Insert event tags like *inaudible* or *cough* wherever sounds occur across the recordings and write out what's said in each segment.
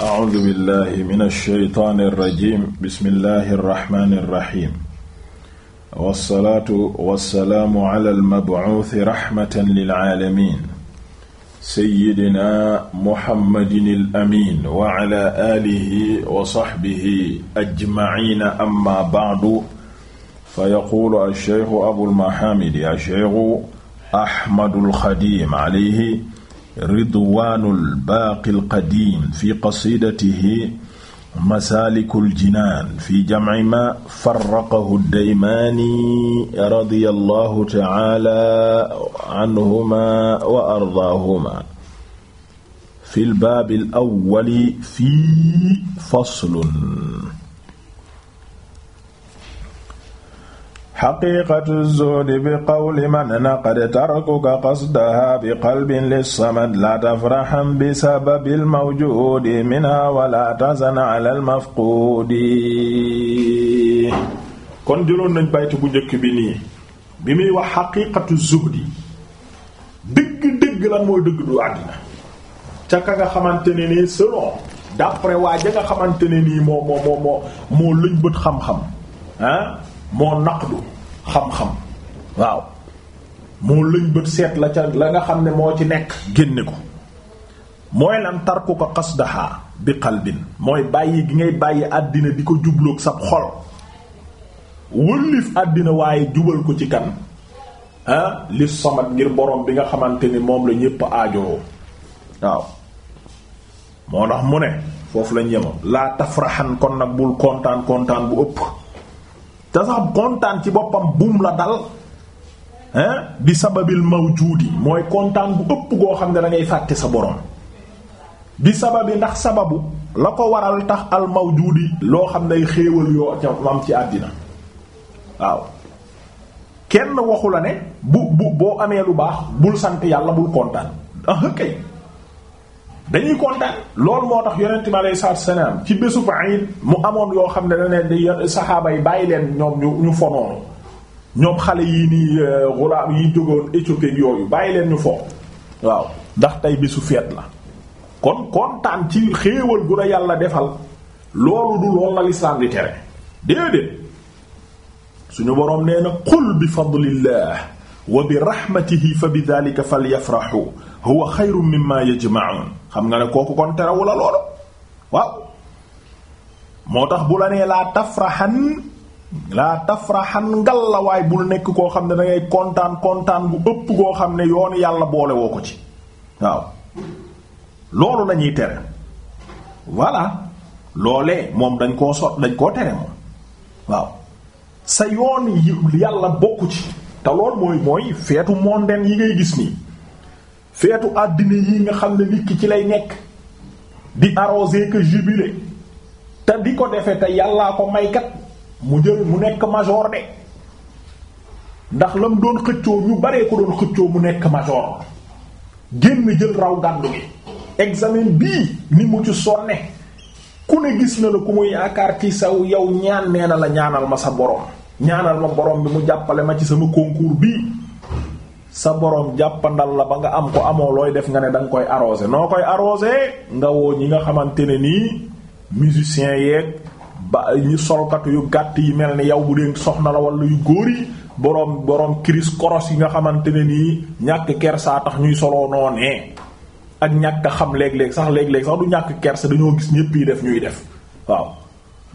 أعوذ بالله من الشيطان الرجيم بسم الله الرحمن الرحيم والصلاة والسلام على المبعوث رحمة للعالمين سيدنا محمد الأمين وعلى آله وصحبه أجمعين أما بعد فيقول الشيخ أبو المحامد الشيخ أحمد الخديم عليه ridwaanul baaqil qadiim fi qasiidatihi masaalikul jinaan fi jamci ma farraqahu daymaani radiyallahu ta'ala anhuma wa ardaahuma fil baabil awwali fii faslun xaqiiqatu zuhdi bi qawli man naqad tarkuka qasdaha bi qalbin lissamad la tafraxan bi sababil mawjuudi minha wala tazan ala almafquudi kon jëloon nañ baytu bu njëkk bi nii bi muy wax xaqiiqatu zuhdi dëgg-dëgg lan mooy dëgg du àddina ca nga xamante ne nii selon d'après waa ja nga xamante ne nii moo moo moo moo moo bët xam-xam ah moo naqdu xam-xam waaw moo lëñ bët seet la ca la nga xam ne moo ci nekk génne ko mooy lan tarku ko qasdaha bi qalbin mooy bàyyi gi ngay bàyyi àddina di ko jubloog sab xol wëllif àddina waaye jubal ko ci kan ah li somat ngir boroom bi nga xamante ni moom la ñépp aajowoo waaw moo tax mu ne foofu lañ yemoon laa tafraxan kon nag bul kontaan kontaan bu ëpp te sax kontaan ci boppam buum la dal hein di sababil mawjuudi mooy kontaan bu ëpp goo xam ne dangay ngay fàtte sa borom di sababi ndax sababu la ko waral tax al mawjuudi loo xam ne xéewal yoo ca am ci àddina waaw kenn waxu la ne bu bu boo amee lu baax bul sant yàlla bul kontaan ah kay dañuy kontaan loolu moo tax yonent bi alayhi salaatu salaam ci bésu Aïd mu amoon yoo xam ne da leen di saxaaba yi bàyyi leen ñoom ñu ñu fonoonu ñoom xale yi nii euh, gulaam yi jógoon Éthiopie yooyu bàyyi leen ñu fo waaw ndax tey bésu feet la kon kontaan ci xéewal gu la yàlla defal loolu du loolu la lislaam di tere déedéet suñu boroom nee na qul bi fadlillah wa bi rahmatihi fa bi dhalika falyafrahu huwa xayrun ma yajma'un xam nga ne kooku kon terewu la loolu waaw moo tax bu la nee laa tafraxan laa tafraxan ngal la waay bul nekk koo xam ne da kontaan kontaan bu ëpp koo xam ne yoon yàlla boole woo ko ci waaw loolu la ñuy tere voilà loolee moom dañ koo sot dañ koo tere moom waaw sa yoon yàlla bokku ci te lool mooy mooy feetu mondaine yi ngay gis nii feetu àddina yi nga xam ne nit ki ci lay nekk di arrosé que jubilé te di ko defe te yàllaa ko maykat mu jël mu nekk major de ndax la mu doon xëccoo ñu baree ko doon xëccoo mu nekk major génn jël raw gàddu gi examen bii ni mu ci sonne ku ne gis na la ku mu yaakaar ci saw yow ñaan nee na la ñaanal ma sa borom ñaanal ma borom bi mu jàppale ma ci sama concours bii sa borom jàppandal la ba nga am ko amoo looy def nga ne da koy arrosé noo koy arrosé nga woo ñi nga xamante ne nii musiciens yeeg ba ñu solkatu yu gàtt yi mel ni yow bu dee soxna la wala yu góor yi borom borom kiris koros yi nga xamante ne nii ñàkk kersa tax ñuy soloo noonee ak ñàkk xam leeg léeg sax léeg-léeg sax du ñàkk kersa dañoo gis ñépp yi def ñuy def waaw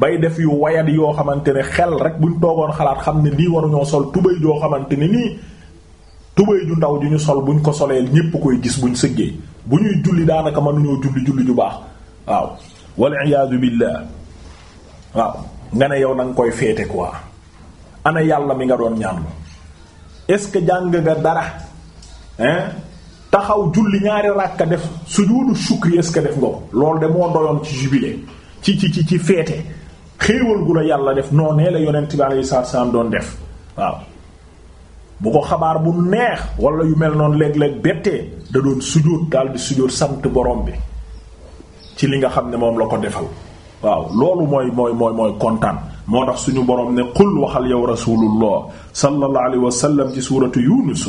bay def yu wayat yoo xamante ne xel rek buñ toogoon xalaat xam ne lii waruñoo sol tubay joo xamante ne nii tubéy ju ndaw ju ñu sol buñ ko soleel ñépp koy gis bu ñu sëggee bu ñuy julli daanaka mënuñoo julli julli ju baax waaw wal iyaadu billah waaw nga ne yow na koy feete quoi ana yàlla mi nga doon ñaan est-ce que jàng nga dara hein taxaw julli ñaari ràkka def sujudu shukri est-ce que def nga ko loolu de moo doyoon ci jubilé ci ci ci ci feete xéewal gu la yàlla def noonee la yonent bi alayhi salaam doon def waaw bu ko xabaar bu neex wala yu mel noonu léeg-léeg bettee da doon sujjóot daal di sujjóot sant borom bi ci li nga xam ne moom la ko defal waaw loolu mooy mooy mooy mooy kontaan. moo tax suñu boroom ne qul waxal yow rasulullah sallallahu alayhi wa sallam ci suuratu yunus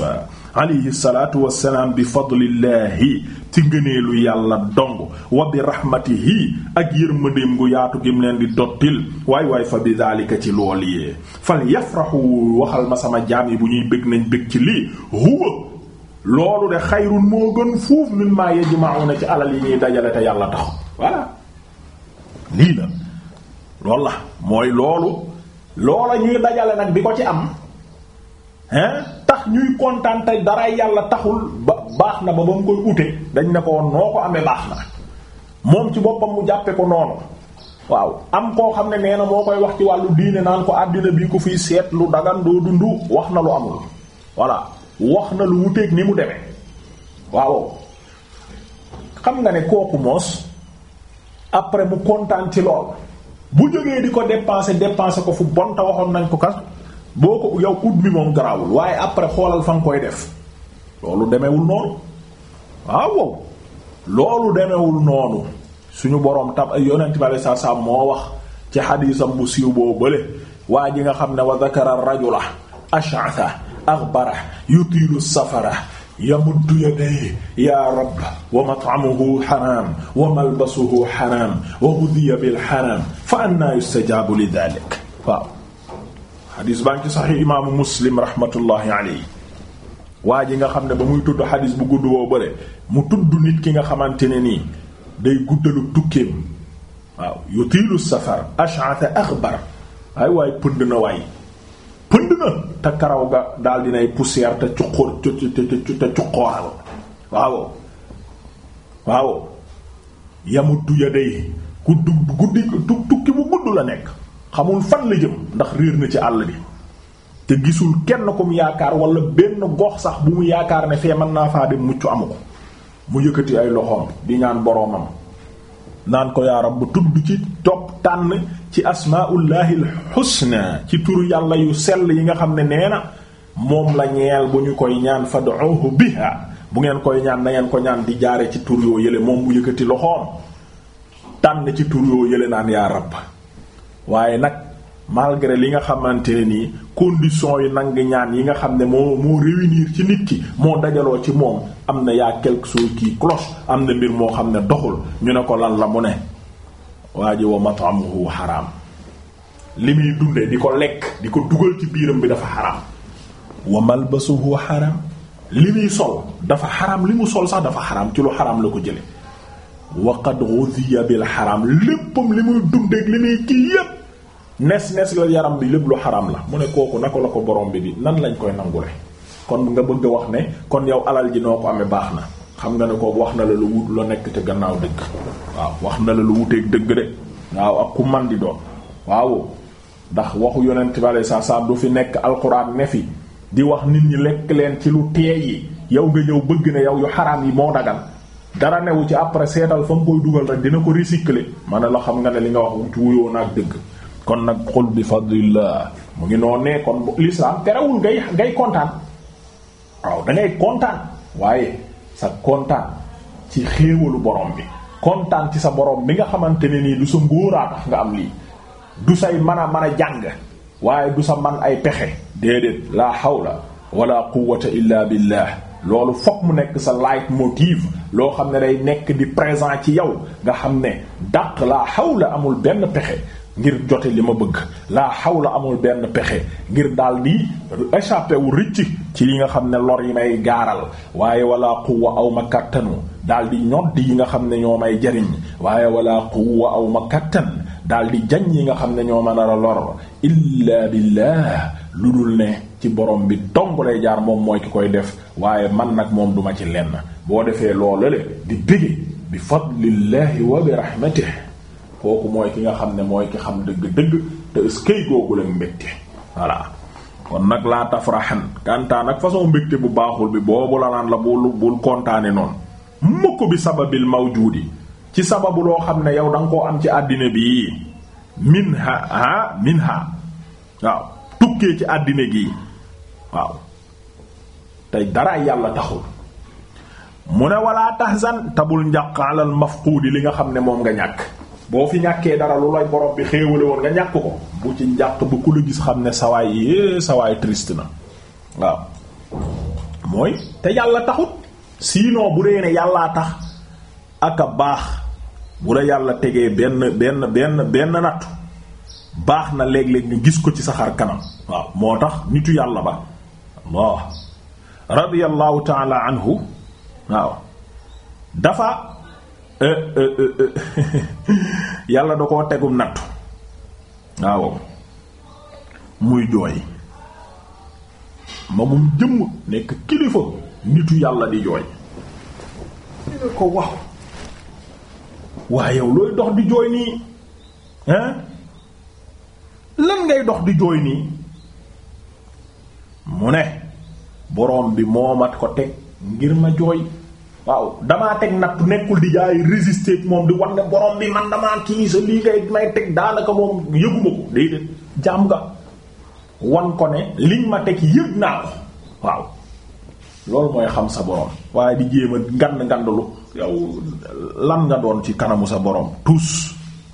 alayhi salaatu wassalaam bi fadlillahi ci ngëneelu yàlla dong wa bi rahmatihi ak yërmandeem gu yaatu gim leen di dottil waay waay fa bi daalika ci lool yee fal yafrahu waxal ma sama jaam yi bu ñuy bëgg nañ bëgg ci lii huwa loolu de xayrun moo gën fuuf mimma yajma'una ci alal yi ñuy dajale te yàlla tax voilà lii la loolu la mooy loolu loola ñuy dajale nag bi ko ci am hein tax ñuy kontaan tey dara yàlla taxul ba baax na ba ba mu koy ute dañ ne ko woon noo ko amee baax na moom ci boppam mu jàppe ko noonu waaw am koo xam ne nee na moo koy wax ci wàllu diine naan ko àddina bi ko fiy seet lu dagan doo dundu wax na lu amul voilà wax na lu wuteeg ni mu deme waaw xam nga ne kooku moos après mu kontaan ci lool bu jógee di ko dépenser dépenser ko fu bon waxoon nañ ko kat boo ko yow ut mi moom garaawul waaye après xoolal fa nga koy def loolu demewul noonu ah, waaw loolu demewul noonu suñu boroom tam ay yonent bale sa saa moo wax ci xadiisam bu siiw boo bële waa ji nga xam ne wa zakara rajula ash'atha aghbara yutilu safara yamuddu yadayhi yaa rabb wa mat'amuhu haram wa malbasuhu haram wa ghudhiya bil haram fa anna yustajabu li dhalik waaw xadis baa ngi ci saxi imaamu muslim rahmatullahi alayhi waa ji nga xam ne ba muy tudd xadis bu gudd boo bëre mu tudd nit ki nga xamante ne nii day guddalu tukkeem waaw yutiilu safar ash'atha akhbar ay waay pënd na waay pënd na te karaw ga daal dinay poussière te cuqóor te cuqooral waaw waaw yamuttu ya day ku guddi tukki bu gudd la nekk xamul fan la jëm ndax réer na ci àll bi te gisul kenn ku mu yaakaar wala benn gox sax bu mu yaakaar ne fee man naa faa dem mucc amu ko mu yëkkati ay loxoom di ñaan boroomam naan ko yaa rabb tudd ci topp tànn ci asmaullahi alxusna ci tur yàlla yu sell yi nga xam ne nee na moom la ñeel bu ñu koy ñaan fad'uhu biha bu ngeen koy ñaan na ngeen ko ñaan di jaare ci tur yoo yële moom mu yëkkati loxoom tànn ci tur yoo yële naan yaa rabb waaye nag malgré li nga xamante ne nii conditions yu nang ñaan yi nga xam ne moo moo réunir ci nit ki moo dajaloo ci moom am na yaa quelque chose qui cloche am na mbir moo xam ne doxul ñu ne ko lan la mu ne waa ji wa mat'amuhu xaraam li muy dunde di ko lekk di ko dugal ci biiram bi dafa xaraam wa malbasuhu li muy sol dafa xaraam li mu sol sax dafa xaraam ci lu xaraam la ko jële wa qad ghudiya bil xaraam léppam li muy dundeek li muy kii yépp nes nes la yaram bi lépp lu xaram la mu ne kooku naka la ko borom bi bi nan lañ koy nangule kon nga bëgg wax ne kon yow alal ji noo ko amee baax na xam nga ne kooku wax na la lu wut la nekk ca gannaaw dëgg waaw wax na la lu wuteeg dëgg de waaw ku man di doon waaw ndax waxu yonent bale sa sa du fi nekk alxuraan ne fi di wax nit ñi lekk leen ci lu teey yi yow nga ñëw bëgg ne yow yu xaraam yi moo dagal dara newu ci après seetal fa nga koy dugal dina ko recycler ma ne la xam nga ne li nga wax ci wuyoo naag dëgg kon nag xul bi fadlillah mu ngi noonu ne kon l'islam terewul ngay ngay kontaan waaw da kontaan waaye sa kontaan ci xéewalu borom bi kontaan ci sa borom bi nga xamante ne nii du sa ngóoraa tax nga am lii du say mën a mën a jàng waaye du sa man ay pexe déedéet la hawla wala quwwata illa billah loolu fokk mu nekk sa leitmotiv loo xam ne day nekk di présent ci yow nga xam ne dàq la hawla amul benn pexe ngir jote li ma bëgg laa xaw la amul benn pexe ngir daal di échappé wu rëcc ci yi nga xam ne lor yi may gaaral waaye wala quwwa aw ma kàttanu daal di ñodd yi nga xam ne ñoo may jariñ waaye wala quwwa aw ma kàttan daal di jañ yi nga xam ne ñoo ma nar a lor illa billah lu dul ne ci borom bi dong lay jaar moom mooy ki koy def waaye man nag moom duma ci lenn boo defee loolale di bége bi fadlillahi wa bi rahmatihi kooku mooy ki nga xam ne mooy ki xam dëgg-dëgg te ëskay googu la mbégte voilà kon nag laa tafraxan kantaa nag façon mbégte bu baaxul bi boobu la naan la bul bul kontaane noonu mukk bi sababil mawjuudi ci sababu loo xam ne yow danga koo am ci àddina bi min ha ha min ha waaw tukkee ci àddina gi waaw tey dara yàlla taxul mu ne walaa tahzan tabul njàq alal mafquudi li nga xam ne moom nga ñàkk boo fi ñàkkee dara lu lay borom bi xéewale woon nga ñàkk ko bu ci njàq ba ku la gis xam ne sawaay yée sawaay triste na waaw mooy te yàlla taxut sinon bu dee ne yàllaa tax ak a baax bu la yàlla tegee benn benn benn benn nattu baax na léeg-léeg ñu gis ko ci saxar kanam waaw moo tax nitu yàlla ba Allah radiyallahu ta'ala anhu waaw dafa Eh, eh, eh, *laughs* yàlla da koo tegum nattu waaw muy jooy magum jëmm nekk kilifa nitu yàlla di jooy dina ko wax waa yow looy dox di jooy nii hein lan ngay dox di jooy nii mu ne borom bi moomat ko teg ngir ma jooy waaw damaa teg nag nekkul di jaay résister moom di wan ne borom bi man damaa kii sa lii ngay may teg daanaka moom yëgu ma ko déedéet jaam nga wan ko ne liñ ma teg yëg naa ko waaw loolu mooy xam sa borom waaye di jéem a ngand ngandalu yow lan nga doon ci kanamu sa borom tous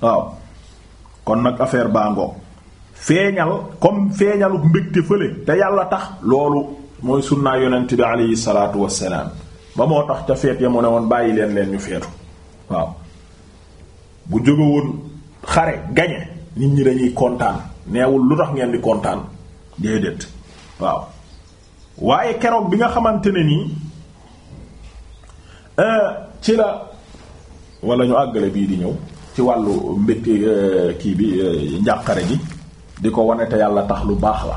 waaw kon nag affaire baa ngoo feeñal comme feeñalu mbégte fële te yàlla tax loolu mooy sunnaa yonent bi aleyhi salaatu wassalaam ba moo tax ca feet ya mu ne woon bàyyi leen leen ñu feetu waaw bu jóge xare gañe nit ñi dañuy kontaan neewul lu tax ngeen di kontaan déedéet waaw waaye keroog bi nga xamante ne nii euh, ci la wala ñu àggale bii di ñëw ci wàllu mbétti euh, kii bi euh, njàqare gi di ko wane te yàlla tax lu baax la